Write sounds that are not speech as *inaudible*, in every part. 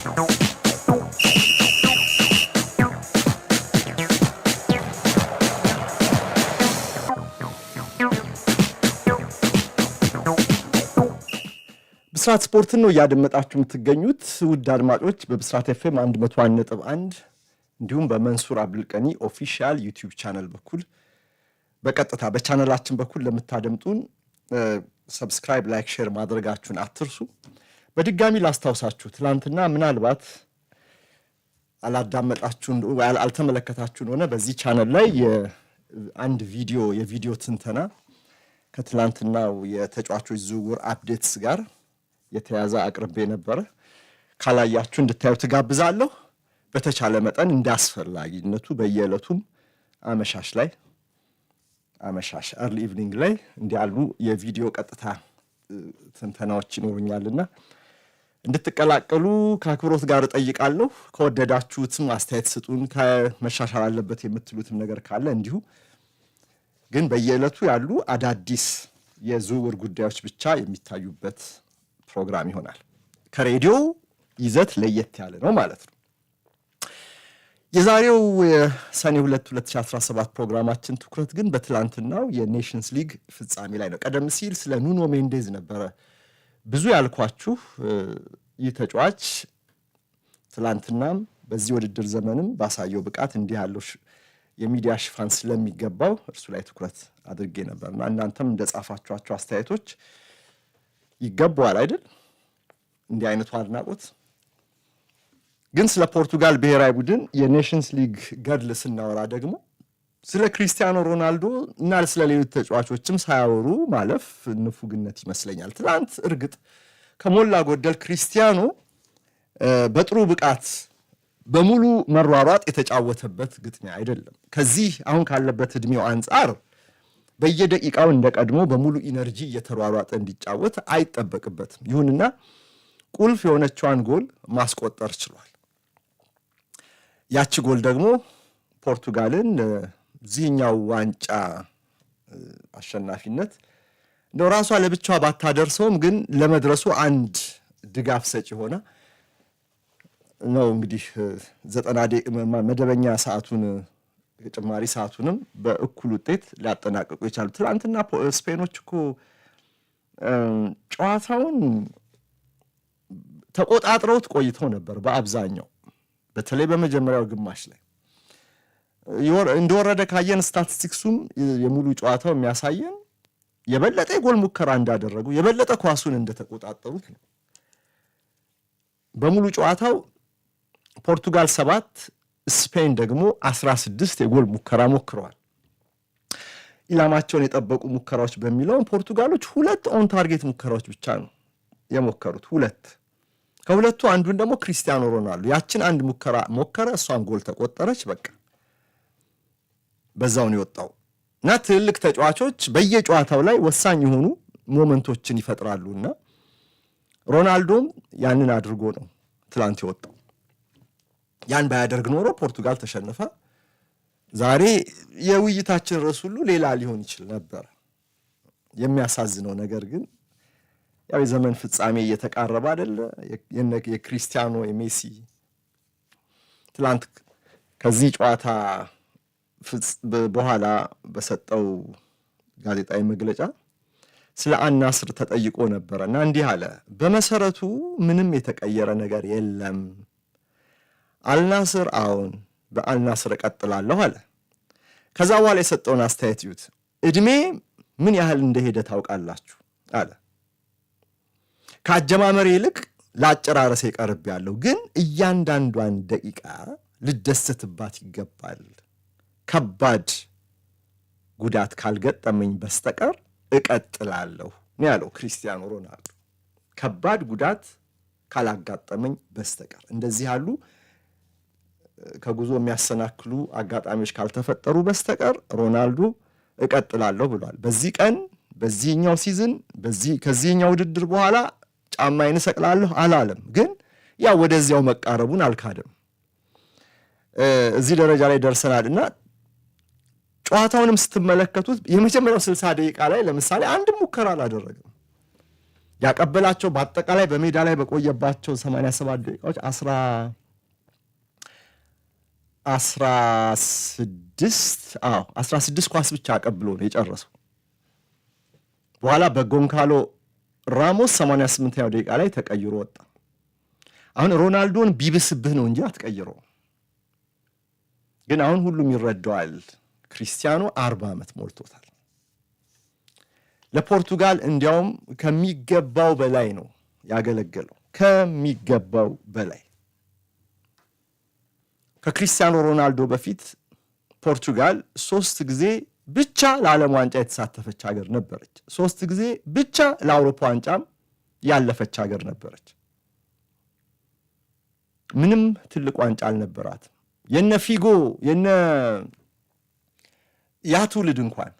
ብስራት ስፖርትን ነው እያደመጣችሁ የምትገኙት ውድ አድማጮች፣ በብስራት ኤፍኤም 101.1 እንዲሁም በመንሱር አብዱልቀኒ ኦፊሻል ዩቲዩብ ቻነል በኩል በቀጥታ በቻነላችን በኩል ለምታደምጡን ሰብስክራይብ፣ ላይክ፣ ሼር ማድረጋችሁን አትርሱ። በድጋሚ ላስታውሳችሁ ትላንትና ምናልባት አላዳመጣችሁ አልተመለከታችሁ እንደሆነ በዚህ ቻነል ላይ አንድ ቪዲዮ የቪዲዮ ትንተና ከትላንትናው የተጫዋቾች ዝውውር አፕዴትስ ጋር የተያዘ አቅርቤ ነበረ። ካላያችሁ እንድታዩ ትጋብዛለሁ። በተቻለ መጠን እንደ አስፈላጊነቱ በየዕለቱም አመሻሽ ላይ አመሻሽ አርሊ ኢቭኒንግ ላይ እንዲያሉ የቪዲዮ ቀጥታ ትንተናዎች ይኖሩኛልና እንድትቀላቀሉ ከአክብሮት ጋር እጠይቃለሁ። ከወደዳችሁትም አስተያየት ስጡን። ከመሻሻል አለበት የምትሉትም ነገር ካለ እንዲሁ። ግን በየዕለቱ ያሉ አዳዲስ የዝውውር ጉዳዮች ብቻ የሚታዩበት ፕሮግራም ይሆናል። ከሬዲዮ ይዘት ለየት ያለ ነው ማለት ነው። የዛሬው የሰኔ 2 2017 ፕሮግራማችን ትኩረት ግን በትላንትናው የኔሽንስ ሊግ ፍጻሜ ላይ ነው። ቀደም ሲል ስለ ኑኖ ሜንዴዝ ነበረ ብዙ ያልኳችሁ ይህ ተጫዋች ትላንትናም በዚህ ውድድር ዘመንም ባሳየው ብቃት እንዲህ ያለው የሚዲያ ሽፋን ስለሚገባው እርሱ ላይ ትኩረት አድርጌ ነበር እና እናንተም እንደጻፋችኋቸው አስተያየቶች ይገባዋል አይደል? እንዲህ አይነቱ አድናቆት ግን ስለ ፖርቱጋል ብሔራዊ ቡድን የኔሽንስ ሊግ ገድል ስናወራ ደግሞ ስለ ክሪስቲያኖ ሮናልዶ እና ስለ ሌሎች ተጫዋቾችም ሳያወሩ ማለፍ ንፉግነት ይመስለኛል። ትናንት እርግጥ ከሞላ ጎደል ክሪስቲያኖ በጥሩ ብቃት በሙሉ መሯሯጥ የተጫወተበት ግጥሚያ አይደለም። ከዚህ አሁን ካለበት እድሜው አንጻር በየደቂቃው እንደቀድሞ በሙሉ ኢነርጂ እየተሯሯጠ እንዲጫወት አይጠበቅበትም። ይሁንና ቁልፍ የሆነችዋን ጎል ማስቆጠር ችሏል። ያቺ ጎል ደግሞ ፖርቱጋልን እዚህኛው ዋንጫ አሸናፊነት እንደው ራሷ ለብቻዋ ባታደርሰውም ግን ለመድረሱ አንድ ድጋፍ ሰጪ ሆነ ነው እንግዲህ ዘጠና መደበኛ ሰዓቱን ተጨማሪ ሰዓቱንም በእኩል ውጤት ሊያጠናቀቁ የቻሉ። ትናንትና ስፔኖች እኮ ጨዋታውን ተቆጣጥረውት ቆይተው ነበር በአብዛኛው በተለይ በመጀመሪያው ግማሽ ላይ እንደወረደ ካየን ስታቲስቲክሱም የሙሉ ጨዋታው የሚያሳየን የበለጠ የጎል ሙከራ እንዳደረጉ የበለጠ ኳሱን እንደተቆጣጠሩት ነው። በሙሉ ጨዋታው ፖርቱጋል ሰባት ስፔን ደግሞ አስራ ስድስት የጎል ሙከራ ሞክረዋል። ኢላማቸውን የጠበቁ ሙከራዎች በሚለውም ፖርቱጋሎች ሁለት ኦን ታርጌት ሙከራዎች ብቻ ነው የሞከሩት። ሁለት ከሁለቱ አንዱን ደግሞ ክሪስቲያኖ ሮናልዶ ያችን አንድ ሙከራ ሞከረ፣ እሷም ጎል ተቆጠረች። በቃ በዛውን የወጣው እና ትልልቅ ተጫዋቾች በየጨዋታው ላይ ወሳኝ የሆኑ ሞመንቶችን ይፈጥራሉ እና ሮናልዶም ያንን አድርጎ ነው ትላንት የወጣው። ያን ባያደርግ ኖሮ ፖርቱጋል ተሸንፈ ዛሬ የውይይታችን ርዕስ ሁሉ ሌላ ሊሆን ይችል ነበር። የሚያሳዝነው ነገር ግን ያው የዘመን ፍጻሜ እየተቃረበ አደለ? የክሪስቲያኖ የሜሲ ትላንት ከዚህ ጨዋታ በኋላ በሰጠው ጋዜጣዊ መግለጫ ስለ አናስር ተጠይቆ ነበረ እና እንዲህ አለ። በመሰረቱ ምንም የተቀየረ ነገር የለም። አልናስር አዎን፣ በአልናስር እቀጥላለሁ አለ። ከዛ በኋላ የሰጠውን አስተያየት እዩት። እድሜ ምን ያህል እንደሄደ ታውቃላችሁ አለ። ከአጀማመሪ ይልቅ ለአጨራረሴ ያለው ግን እያንዳንዷን ደቂቃ ልደሰትባት ይገባል። ከባድ ጉዳት ካልገጠመኝ በስተቀር እቀጥላለሁ ነው ያለው ክርስቲያኖ ሮናልዶ። ከባድ ጉዳት ካላጋጠመኝ በስተቀር እንደዚህ ያሉ ከጉዞ የሚያሰናክሉ አጋጣሚዎች ካልተፈጠሩ በስተቀር ሮናልዶ እቀጥላለሁ ብሏል። በዚህ ቀን በዚህኛው ሲዝን ከዚህኛው ውድድር በኋላ ጫማዬን እሰቅላለሁ አላለም፣ ግን ያ ወደዚያው መቃረቡን አልካደም። እዚህ ደረጃ ላይ ደርሰናል እና ጨዋታውንም ስትመለከቱት የመጀመሪያው ስልሳ ደቂቃ ላይ ለምሳሌ አንድ ሙከራ አላደረገ። ያቀበላቸው በአጠቃላይ በሜዳ ላይ በቆየባቸው 87 ደቂቃዎች አስራ ስድስት አዎ አስራ ስድስት ኳስ ብቻ አቀብሎ ነው የጨረሰው። በኋላ በጎንካሎ ራሞስ 88 ያው ደቂቃ ላይ ተቀይሮ ወጣ። አሁን ሮናልዶን ቢብስብህ ነው እንጂ አትቀይረው። ግን አሁን ሁሉም ይረዳዋል። ክርስቲያኑ አርባ ዓመት ሞልቶታል። ለፖርቱጋል እንዲያውም ከሚገባው በላይ ነው ያገለገለው፣ ከሚገባው በላይ ከክርስቲያኖ ሮናልዶ በፊት ፖርቱጋል ሶስት ጊዜ ብቻ ለዓለም ዋንጫ የተሳተፈች ሀገር ነበረች። ሶስት ጊዜ ብቻ ለአውሮፓ ዋንጫም ያለፈች ሀገር ነበረች። ምንም ትልቅ ዋንጫ አልነበራትም። የነ ፊጎ የነ ያ ትውልድ እንኳን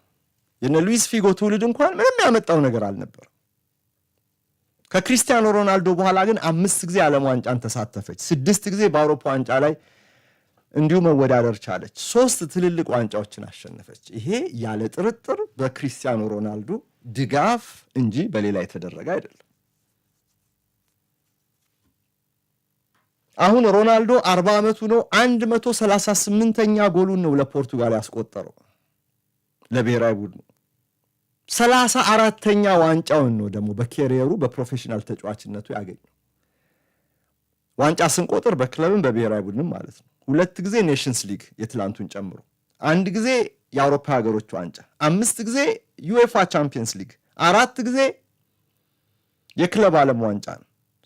የነ ሉዊስ ፊጎ ትውልድ እንኳን ምንም ያመጣው ነገር አልነበር። ከክሪስቲያኖ ሮናልዶ በኋላ ግን አምስት ጊዜ ዓለም ዋንጫን ተሳተፈች። ስድስት ጊዜ በአውሮፓ ዋንጫ ላይ እንዲሁ መወዳደር ቻለች። ሶስት ትልልቅ ዋንጫዎችን አሸነፈች። ይሄ ያለ ጥርጥር በክሪስቲያኖ ሮናልዶ ድጋፍ እንጂ በሌላ የተደረገ አይደለም። አሁን ሮናልዶ አርባ ዓመቱ ነው። አንድ መቶ ሰላሳ ስምንተኛ ጎሉን ነው ለፖርቱጋል ያስቆጠረው። ለብሔራዊ ቡድኑ ሰላሳ አራተኛ ዋንጫውን ነው ደግሞ በኬሪየሩ በፕሮፌሽናል ተጫዋችነቱ ያገኘው። ዋንጫ ስንቆጥር በክለብም በብሔራዊ ቡድንም ማለት ነው። ሁለት ጊዜ ኔሽንስ ሊግ የትላንቱን ጨምሮ፣ አንድ ጊዜ የአውሮፓ ሀገሮች ዋንጫ፣ አምስት ጊዜ ዩኤፋ ቻምፒየንስ ሊግ፣ አራት ጊዜ የክለብ ዓለም ዋንጫን፣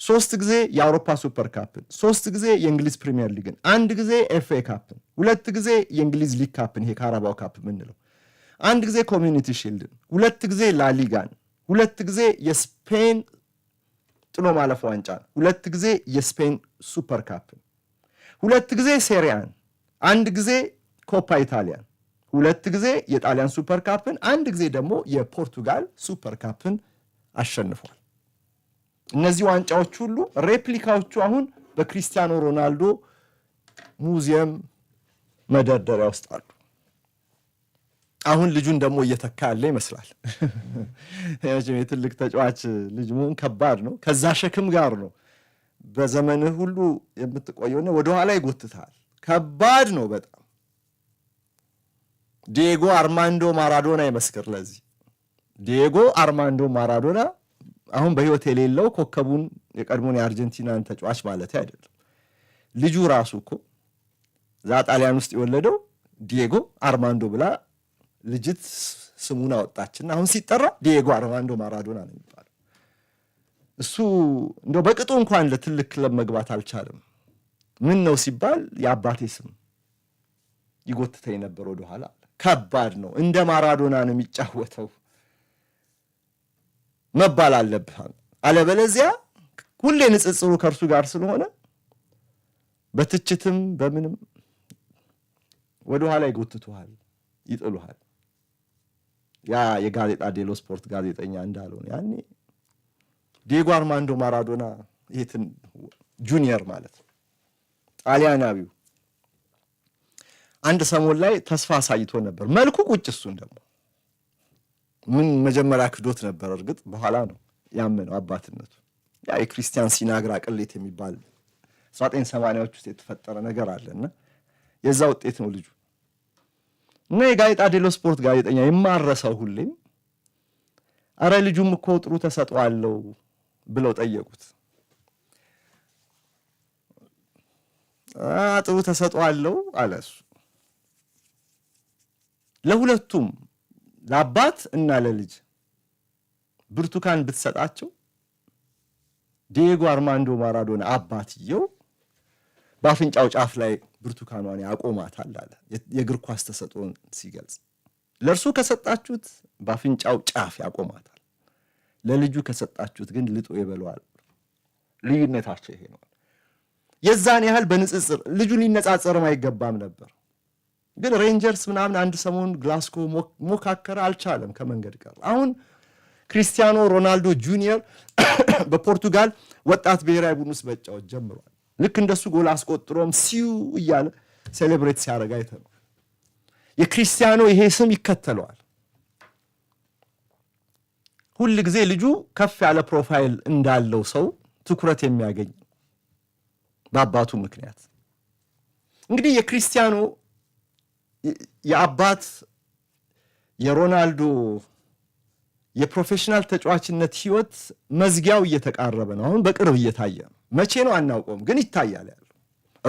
ሶስት ጊዜ የአውሮፓ ሱፐር ካፕን፣ ሶስት ጊዜ የእንግሊዝ ፕሪሚየር ሊግን፣ አንድ ጊዜ ኤፍኤ ካፕን፣ ሁለት ጊዜ የእንግሊዝ ሊግ ካፕን፣ ይሄ ካራባው ካፕ ምንለው አንድ ጊዜ ኮሚዩኒቲ ሺልድን፣ ሁለት ጊዜ ላሊጋን፣ ሁለት ጊዜ የስፔን ጥሎ ማለፍ ዋንጫ፣ ሁለት ጊዜ የስፔን ሱፐር ካፕን፣ ሁለት ጊዜ ሴሪያን፣ አንድ ጊዜ ኮፓ ኢታሊያን፣ ሁለት ጊዜ የጣሊያን ሱፐር ካፕን፣ አንድ ጊዜ ደግሞ የፖርቱጋል ሱፐር ካፕን አሸንፏል። እነዚህ ዋንጫዎች ሁሉ ሬፕሊካዎቹ አሁን በክሪስቲያኖ ሮናልዶ ሙዚየም መደርደሪያ ውስጥ አሉ። አሁን ልጁን ደግሞ እየተካ ያለ ይመስላል። መቼም *laughs* የትልቅ ተጫዋች ልጅ መሆን ከባድ ነው። ከዛ ሸክም ጋር ነው በዘመንህ ሁሉ የምትቆየውና ወደኋላ ይጎትታል። ከባድ ነው በጣም ዲዬጎ አርማንዶ ማራዶና ይመስክር ለዚህ ዲዬጎ አርማንዶ ማራዶና አሁን በህይወት የሌለው ኮከቡን የቀድሞን የአርጀንቲናን ተጫዋች ማለት አይደለም። ልጁ ራሱ እኮ እዛ ጣሊያን ውስጥ የወለደው ዲዬጎ አርማንዶ ብላ ልጅት ስሙን አወጣችና አሁን ሲጠራ ዲየጎ አርማንዶ ማራዶና ነው የሚባለው። እሱ እንደው በቅጡ እንኳን ለትልቅ ክለብ መግባት አልቻለም። ምን ነው ሲባል የአባቴ ስም ይጎትተ ነበር ወደኋላ። ከባድ ነው፣ እንደ ማራዶና ነው የሚጫወተው መባል አለብህ። አለበለዚያ ሁሌ ንጽጽሩ ከእርሱ ጋር ስለሆነ በትችትም በምንም ወደኋላ ይጎትቱሃል፣ ይጥሉሃል። ያ የጋዜጣ ዴሎ ስፖርት ጋዜጠኛ እንዳልሆነ ያኔ ዲጎ አርማንዶ ማራዶና ይህትን ጁኒየር ማለት ጣሊያናዊው አንድ ሰሞን ላይ ተስፋ አሳይቶ ነበር። መልኩ ቁጭ እሱን ደግሞ ምን መጀመሪያ ክዶት ነበር። እርግጥ በኋላ ነው ያመነው አባትነቱ። ያ የክርስቲያን ሲናግራ ቅሌት የሚባል 1980ዎች ውስጥ የተፈጠረ ነገር አለና የዛ ውጤት ነው ልጁ እና የጋዜጣ ዴሎ ስፖርት ጋዜጠኛ የማረሰው ሁሌም አረ ልጁም እኮ ጥሩ ተሰጥኦ አለው ብለው ጠየቁት። ጥሩ ተሰጥኦ አለው አለ እሱ። ለሁለቱም ለአባት እና ለልጅ ብርቱካን ብትሰጣቸው ዲየጎ አርማንዶ ማራዶና አባትየው በአፍንጫው ጫፍ ላይ ብርቱካኗን ያቆማታል አለ የእግር ኳስ ተሰጥኦን ሲገልጽ። ለእርሱ ከሰጣችሁት በአፍንጫው ጫፍ ያቆማታል፣ ለልጁ ከሰጣችሁት ግን ልጦ ይበለዋል። ልዩነታቸው ይሄ ነው። የዛን ያህል በንጽጽር ልጁ ሊነጻጸርም አይገባም ነበር። ግን ሬንጀርስ ምናምን አንድ ሰሞን ግላስጎ ሞካከረ፣ አልቻለም፣ ከመንገድ ቀር። አሁን ክሪስቲያኖ ሮናልዶ ጁኒየር *coughs* በፖርቱጋል ወጣት ብሔራዊ ቡድን ውስጥ መጫወት ጀምሯል። ልክ እንደሱ ጎል አስቆጥሮም ሲዩ እያለ ሴሌብሬት ሲያደርግ ነው። የክርስቲያኖ ይሄ ስም ይከተለዋል። ሁል ጊዜ ልጁ ከፍ ያለ ፕሮፋይል እንዳለው ሰው ትኩረት የሚያገኝ በአባቱ ምክንያት። እንግዲህ የክርስቲያኖ የአባት የሮናልዶ የፕሮፌሽናል ተጫዋችነት ህይወት መዝጊያው እየተቃረበ ነው። አሁን በቅርብ እየታየ ነው። መቼ ነው አናውቀውም፣ ግን ይታያል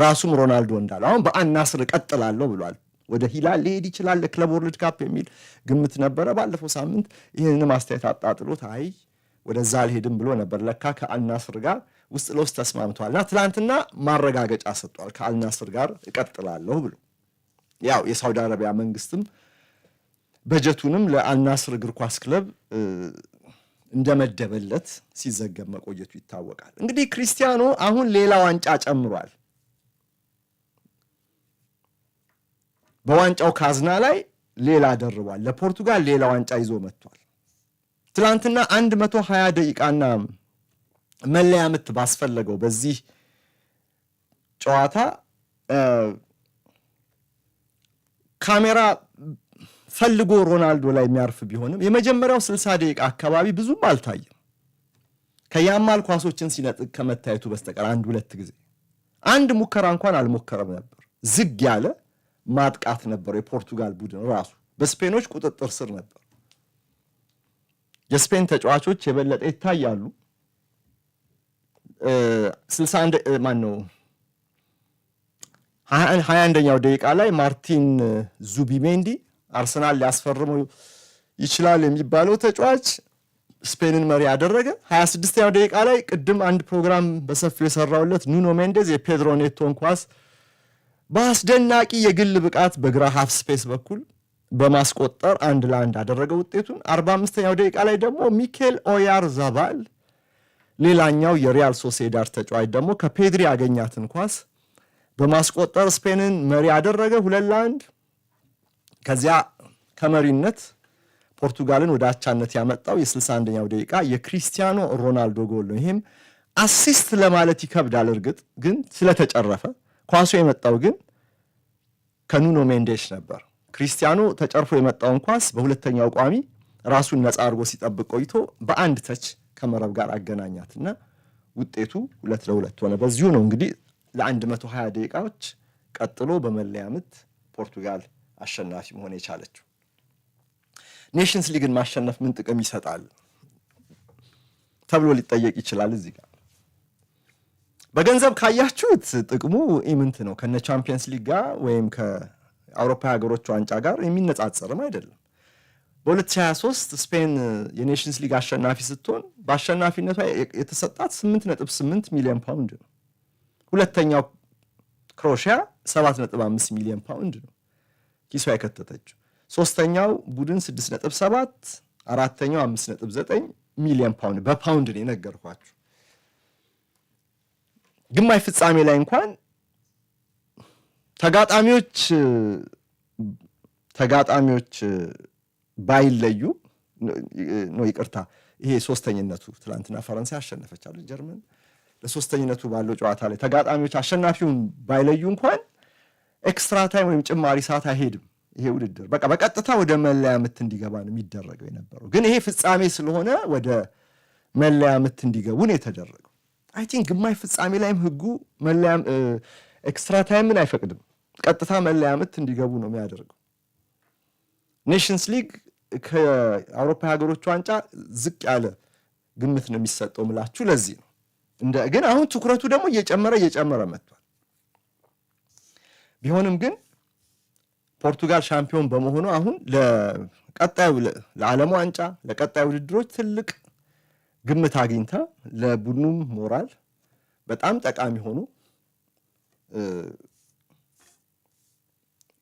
ራሱም ሮናልዶ እንዳለ አሁን በአናስር እቀጥላለሁ ብሏል። ወደ ሂላል ሊሄድ ይችላል ለክለብ ወርልድ ካፕ የሚል ግምት ነበረ። ባለፈው ሳምንት ይህንንም አስተያየት አጣጥሎት አይ ወደዛ አልሄድም ብሎ ነበር። ለካ ከአልናስር ጋር ውስጥ ለውስጥ እና ትላንትና ማረጋገጫ ሰጥቷል። ከአልናስር ጋር እቀጥላለሁ ብሎ ያው የሳውዲ አረቢያ መንግስትም በጀቱንም ለአልናስር እግር ኳስ ክለብ እንደመደበለት ሲዘገብ መቆየቱ ይታወቃል። እንግዲህ ክርስቲያኖ አሁን ሌላ ዋንጫ ጨምሯል። በዋንጫው ካዝና ላይ ሌላ ደርቧል። ለፖርቱጋል ሌላ ዋንጫ ይዞ መጥቷል። መቶ 120 ደቂቃና መለያ ምት ባስፈለገው በዚህ ጨዋታ ካሜራ ፈልጎ ሮናልዶ ላይ የሚያርፍ ቢሆንም የመጀመሪያው 60 ደቂቃ አካባቢ ብዙም አልታየም ከያማል ኳሶችን ሲነጥቅ ከመታየቱ በስተቀር አንድ ሁለት ጊዜ አንድ ሙከራ እንኳን አልሞከረም ነበር። ዝግ ያለ ማጥቃት ነበር። የፖርቱጋል ቡድን ራሱ በስፔኖች ቁጥጥር ስር ነበር። የስፔን ተጫዋቾች የበለጠ ይታያሉ። ማን ነው ሀያ አንደኛው ደቂቃ ላይ ማርቲን ዙቢሜንዲ አርሰናል ሊያስፈርመው ይችላል የሚባለው ተጫዋች ስፔንን መሪ ያደረገ 26ኛው ደቂቃ ላይ ቅድም አንድ ፕሮግራም በሰፊው የሰራውለት ኑኖ ሜንዴዝ የፔድሮ ኔቶን ኳስ በአስደናቂ የግል ብቃት በግራ ሀፍ ስፔስ በኩል በማስቆጠር አንድ ለአንድ አደረገ ውጤቱን። 45ኛው ደቂቃ ላይ ደግሞ ሚኬል ኦያር ዛባል ሌላኛው የሪያል ሶሴዳር ተጫዋች ደግሞ ከፔድሪ ያገኛትን ኳስ በማስቆጠር ስፔንን መሪ ያደረገ ሁለት ለአንድ ከዚያ ከመሪነት ፖርቱጋልን ወደ አቻነት ያመጣው የ61ኛው ደቂቃ የክሪስቲያኖ ሮናልዶ ጎል ነው። ይህም አሲስት ለማለት ይከብዳል። እርግጥ ግን ስለተጨረፈ ኳሱ የመጣው ግን ከኑኖ ሜንዴሽ ነበር። ክሪስቲያኖ ተጨርፎ የመጣውን ኳስ በሁለተኛው ቋሚ ራሱን ነፃ አድርጎ ሲጠብቅ ቆይቶ በአንድ ተች ከመረብ ጋር አገናኛትና ውጤቱ ሁለት ለሁለት ሆነ። በዚሁ ነው እንግዲህ ለ120 ደቂቃዎች ቀጥሎ በመለያ ምት ፖርቱጋል አሸናፊ መሆን የቻለችው። ኔሽንስ ሊግን ማሸነፍ ምን ጥቅም ይሰጣል ተብሎ ሊጠየቅ ይችላል። እዚህ ጋር በገንዘብ ካያችሁት ጥቅሙ ኢምንት ነው። ከነ ቻምፒየንስ ሊግ ጋር ወይም ከአውሮፓ ሀገሮች ዋንጫ ጋር የሚነጻጸርም አይደለም። በ2023 ስፔን የኔሽንስ ሊግ አሸናፊ ስትሆን በአሸናፊነቷ የተሰጣት 8.8 ሚሊዮን ፓውንድ ነው። ሁለተኛው ክሮሽያ 7.5 ሚሊዮን ፓውንድ ነው። ኪሷ የከተተችው። ሶስተኛው ቡድን 6.7 አራተኛው 5.9 ሚሊዮን ፓውንድ በፓውንድ ነው የነገርኳችሁ። ግማሽ ፍጻሜ ላይ እንኳን ተጋጣሚዎች ተጋጣሚዎች ባይለዩ ነው ይቅርታ፣ ይሄ ሶስተኝነቱ ትላንትና ፈረንሳይ አሸነፈች ጀርመን ለሶስተኝነቱ ባለው ጨዋታ ላይ ተጋጣሚዎች አሸናፊውን ባይለዩ እንኳን ኤክስትራ ታይም ወይም ጭማሪ ሰዓት አይሄድም። ይሄ ውድድር በቃ በቀጥታ ወደ መለያ ምት እንዲገባ ነው የሚደረገው የነበረው። ግን ይሄ ፍጻሜ ስለሆነ ወደ መለያ ምት እንዲገቡ ነው የተደረገው። አይ ቲንክ ግማሽ ፍጻሜ ላይም ህጉ መለያ ኤክስትራ ታይምን አይፈቅድም። ቀጥታ መለያ ምት እንዲገቡ ነው የሚያደርገው። ኔሽንስ ሊግ ከአውሮፓ ሀገሮች ዋንጫ ዝቅ ያለ ግምት ነው የሚሰጠው ምላችሁ ለዚህ ነው። ግን አሁን ትኩረቱ ደግሞ እየጨመረ እየጨመረ መጥቷል። ቢሆንም ግን ፖርቱጋል ሻምፒዮን በመሆኑ አሁን ለቀጣዩ ለዓለም ዋንጫ ለቀጣዩ ውድድሮች ትልቅ ግምት አግኝታ ለቡድኑም ሞራል በጣም ጠቃሚ ሆኖ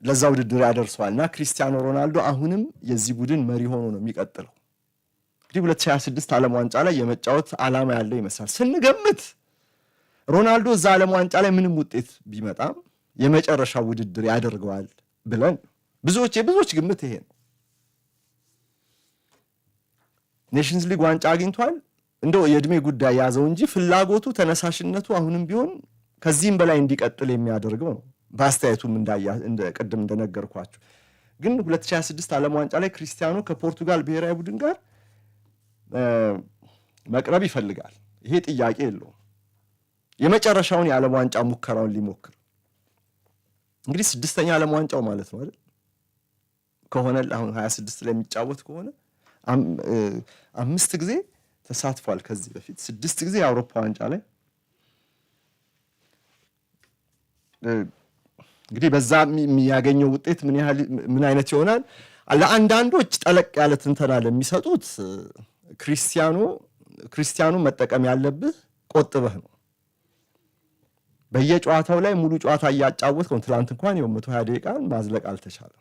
ለዛ ውድድር ያደርሰዋል እና ክሪስቲያኖ ሮናልዶ አሁንም የዚህ ቡድን መሪ ሆኖ ነው የሚቀጥለው። እንግዲህ 2026 ዓለም ዋንጫ ላይ የመጫወት ዓላማ ያለው ይመስላል ስንገምት ሮናልዶ እዛ ዓለም ዋንጫ ላይ ምንም ውጤት ቢመጣም የመጨረሻ ውድድር ያደርገዋል ብለን ብዙዎች የብዙዎች ግምት ይሄ ነው። ኔሽንስ ሊግ ዋንጫ አግኝቷል። እንደው የእድሜ ጉዳይ ያዘው እንጂ ፍላጎቱ፣ ተነሳሽነቱ አሁንም ቢሆን ከዚህም በላይ እንዲቀጥል የሚያደርገው ነው። በአስተያየቱም ቅድም እንደነገርኳችሁ ግን 2026 ዓለም ዋንጫ ላይ ክሪስቲያኖ ከፖርቱጋል ብሔራዊ ቡድን ጋር መቅረብ ይፈልጋል። ይሄ ጥያቄ የለውም። የመጨረሻውን የዓለም ዋንጫ ሙከራውን ሊሞክር እንግዲህ ስድስተኛ ዓለም ዋንጫው ማለት ነው አይደል? ከሆነ አሁን ሀያ ስድስት ላይ የሚጫወት ከሆነ አምስት ጊዜ ተሳትፏል ከዚህ በፊት ስድስት ጊዜ የአውሮፓ ዋንጫ ላይ እንግዲህ በዛ የሚያገኘው ውጤት ምን ያህል ምን አይነት ይሆናል? ለአንዳንዶች ጠለቅ ያለ ትንተና ለሚሰጡት ክርስቲያኑ ክርስቲያኑ መጠቀም ያለብህ ቆጥበህ ነው በየጨዋታው ላይ ሙሉ ጨዋታ እያጫወትከው ትላንት እንኳን የው 120 ደቂቃን ደቂቃ ማዝለቅ አልተቻለም።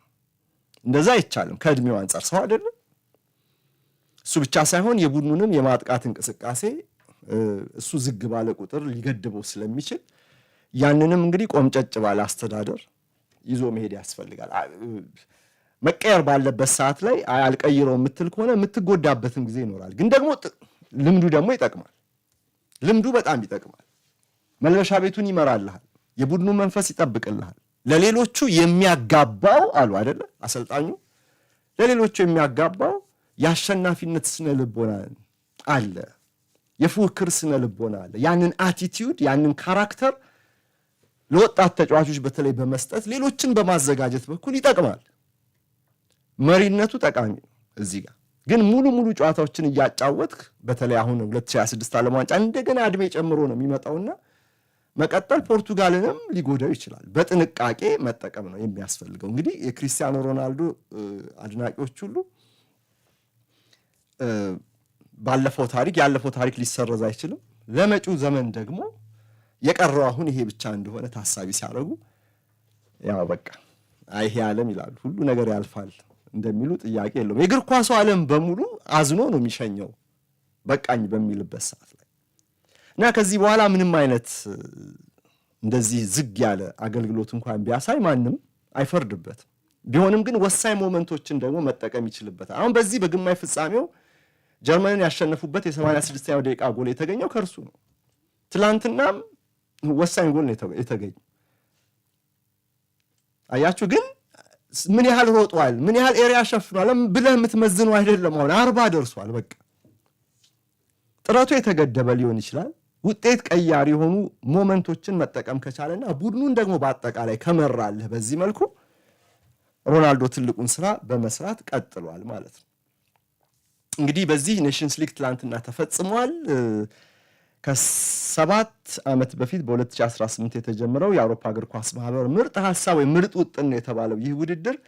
እንደዛ አይቻልም። ከእድሜው አንጻር ሰው አይደለም። እሱ ብቻ ሳይሆን የቡድኑንም የማጥቃት እንቅስቃሴ እሱ ዝግ ባለ ቁጥር ሊገድበው ስለሚችል ያንንም እንግዲህ ቆምጨጭ ባለ አስተዳደር ይዞ መሄድ ያስፈልጋል። መቀየር ባለበት ሰዓት ላይ አልቀይረው የምትል ከሆነ የምትጎዳበትም ጊዜ ይኖራል። ግን ደግሞ ልምዱ ደግሞ ይጠቅማል። ልምዱ በጣም ይጠቅማል። መልበሻ ቤቱን ይመራልሃል፣ የቡድኑ መንፈስ ይጠብቅልሃል። ለሌሎቹ የሚያጋባው አሉ አይደለ አሰልጣኙ፣ ለሌሎቹ የሚያጋባው የአሸናፊነት ስነ ልቦና አለ፣ የፉክክር ስነ ልቦና አለ። ያንን አቲቲዩድ ያንን ካራክተር ለወጣት ተጫዋቾች በተለይ በመስጠት ሌሎችን በማዘጋጀት በኩል ይጠቅማል። መሪነቱ ጠቃሚ ነው። እዚህ ጋር ግን ሙሉ ሙሉ ጨዋታዎችን እያጫወትክ በተለይ አሁን 2026 ዓለም ዋንጫ እንደገና እድሜ ጨምሮ ነው የሚመጣውና መቀጠል ፖርቱጋልንም ሊጎዳው ይችላል። በጥንቃቄ መጠቀም ነው የሚያስፈልገው። እንግዲህ የክሪስቲያኖ ሮናልዶ አድናቂዎች ሁሉ ባለፈው ታሪክ ያለፈው ታሪክ ሊሰረዝ አይችልም። ለመጪው ዘመን ደግሞ የቀረው አሁን ይሄ ብቻ እንደሆነ ታሳቢ ሲያደርጉ ያው በቃ አይሄ ዓለም ይላሉ ሁሉ ነገር ያልፋል እንደሚሉ ጥያቄ የለውም። የእግር ኳሱ ዓለም በሙሉ አዝኖ ነው የሚሸኘው በቃኝ በሚልበት ሰዓት ላይ እና ከዚህ በኋላ ምንም አይነት እንደዚህ ዝግ ያለ አገልግሎት እንኳን ቢያሳይ ማንም አይፈርድበትም። ቢሆንም ግን ወሳኝ ሞመንቶችን ደግሞ መጠቀም ይችልበታል። አሁን በዚህ በግማሽ ፍጻሜው ጀርመንን ያሸነፉበት የ86ኛው ደቂቃ ጎል የተገኘው ከእርሱ ነው። ትላንትናም ወሳኝ ጎል ነው አያችሁ ግን ምን ያህል ሮጧል፣ ምን ያህል ኤሪያ ሸፍኗል ብለህ የምትመዝነው አይደለም። አሁን አርባ ደርሷል። በቃ ጥረቱ የተገደበ ሊሆን ይችላል ውጤት ቀያሪ የሆኑ ሞመንቶችን መጠቀም ከቻለና ቡድኑን ደግሞ በአጠቃላይ ከመራልህ በዚህ መልኩ ሮናልዶ ትልቁን ስራ በመስራት ቀጥሏል ማለት ነው። እንግዲህ በዚህ ኔሽንስ ሊግ ትላንትና ተፈጽሟል። ከሰባት ዓመት በፊት በ2018 የተጀመረው የአውሮፓ እግር ኳስ ማህበር ምርጥ ሀሳብ ወይም ምርጥ ውጥን ነው የተባለው ይህ ውድድር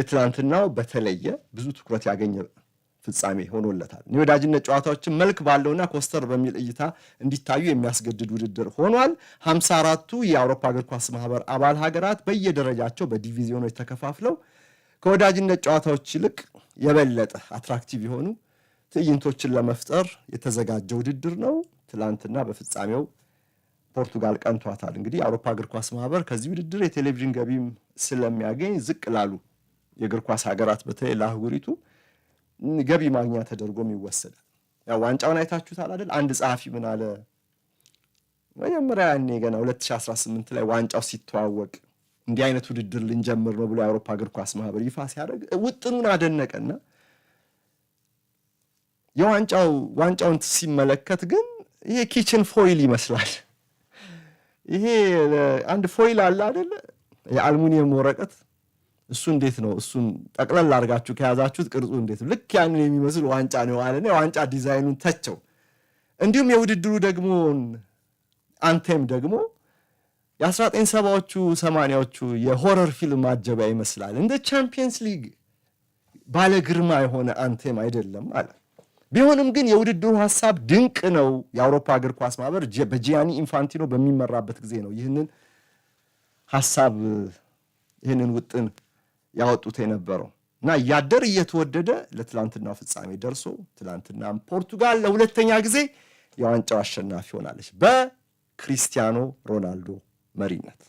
የትላንትናው በተለየ ብዙ ትኩረት ያገኘ ፍጻሜ ሆኖለታል። የወዳጅነት ጨዋታዎችን መልክ ባለውና ኮስተር በሚል እይታ እንዲታዩ የሚያስገድድ ውድድር ሆኗል። ሃምሳ አራቱ የአውሮፓ እግር ኳስ ማህበር አባል ሀገራት በየደረጃቸው በዲቪዚዮኖች ተከፋፍለው ከወዳጅነት ጨዋታዎች ይልቅ የበለጠ አትራክቲቭ የሆኑ ትዕይንቶችን ለመፍጠር የተዘጋጀ ውድድር ነው። ትላንትና በፍጻሜው ፖርቱጋል ቀንቷታል። እንግዲህ የአውሮፓ እግር ኳስ ማህበር ከዚህ ውድድር የቴሌቪዥን ገቢም ስለሚያገኝ ዝቅ ላሉ የእግር ኳስ ሀገራት በተለይ ለአህጉሪቱ ገቢ ማግኛ ተደርጎም ይወሰዳል። ያው ዋንጫውን አይታችሁታል አይደል? አንድ ጸሐፊ ምን አለ? መጀመሪያ ያኔ ገና 2018 ላይ ዋንጫው ሲተዋወቅ እንዲህ አይነት ውድድር ልንጀምር ነው ብሎ የአውሮፓ እግር ኳስ ማህበር ይፋ ሲያደርግ ውጥኑን አደነቀና የዋንጫው ዋንጫውን ሲመለከት ግን ይሄ ኪችን ፎይል ይመስላል። ይሄ አንድ ፎይል አለ አይደለ? የአልሙኒየም ወረቀት እሱ እንዴት ነው እሱን ጠቅለል አድርጋችሁ ከያዛችሁት ቅርጹ እንዴት ነው? ልክ ያንን የሚመስል ዋንጫ ነው አለና የዋንጫ ዲዛይኑን ተቸው። እንዲሁም የውድድሩ ደግሞ አንቴም ደግሞ የ19 ሰባዎቹ ሰማንያዎቹ የሆረር ፊልም ማጀቢያ ይመስላል። እንደ ቻምፒየንስ ሊግ ባለ ግርማ የሆነ አንቴም አይደለም አለ። ቢሆንም ግን የውድድሩ ሀሳብ ድንቅ ነው። የአውሮፓ እግር ኳስ ማህበር በጂያኒ ኢንፋንቲኖ በሚመራበት ጊዜ ነው ይህንን ሀሳብ ይህንን ውጥን ያወጡት የነበረው እና እያደር እየተወደደ ለትላንትና ፍጻሜ ደርሶ ትላንትና ፖርቱጋል ለሁለተኛ ጊዜ የዋንጫው አሸናፊ ሆናለች በክሪስቲያኖ ሮናልዶ መሪነት።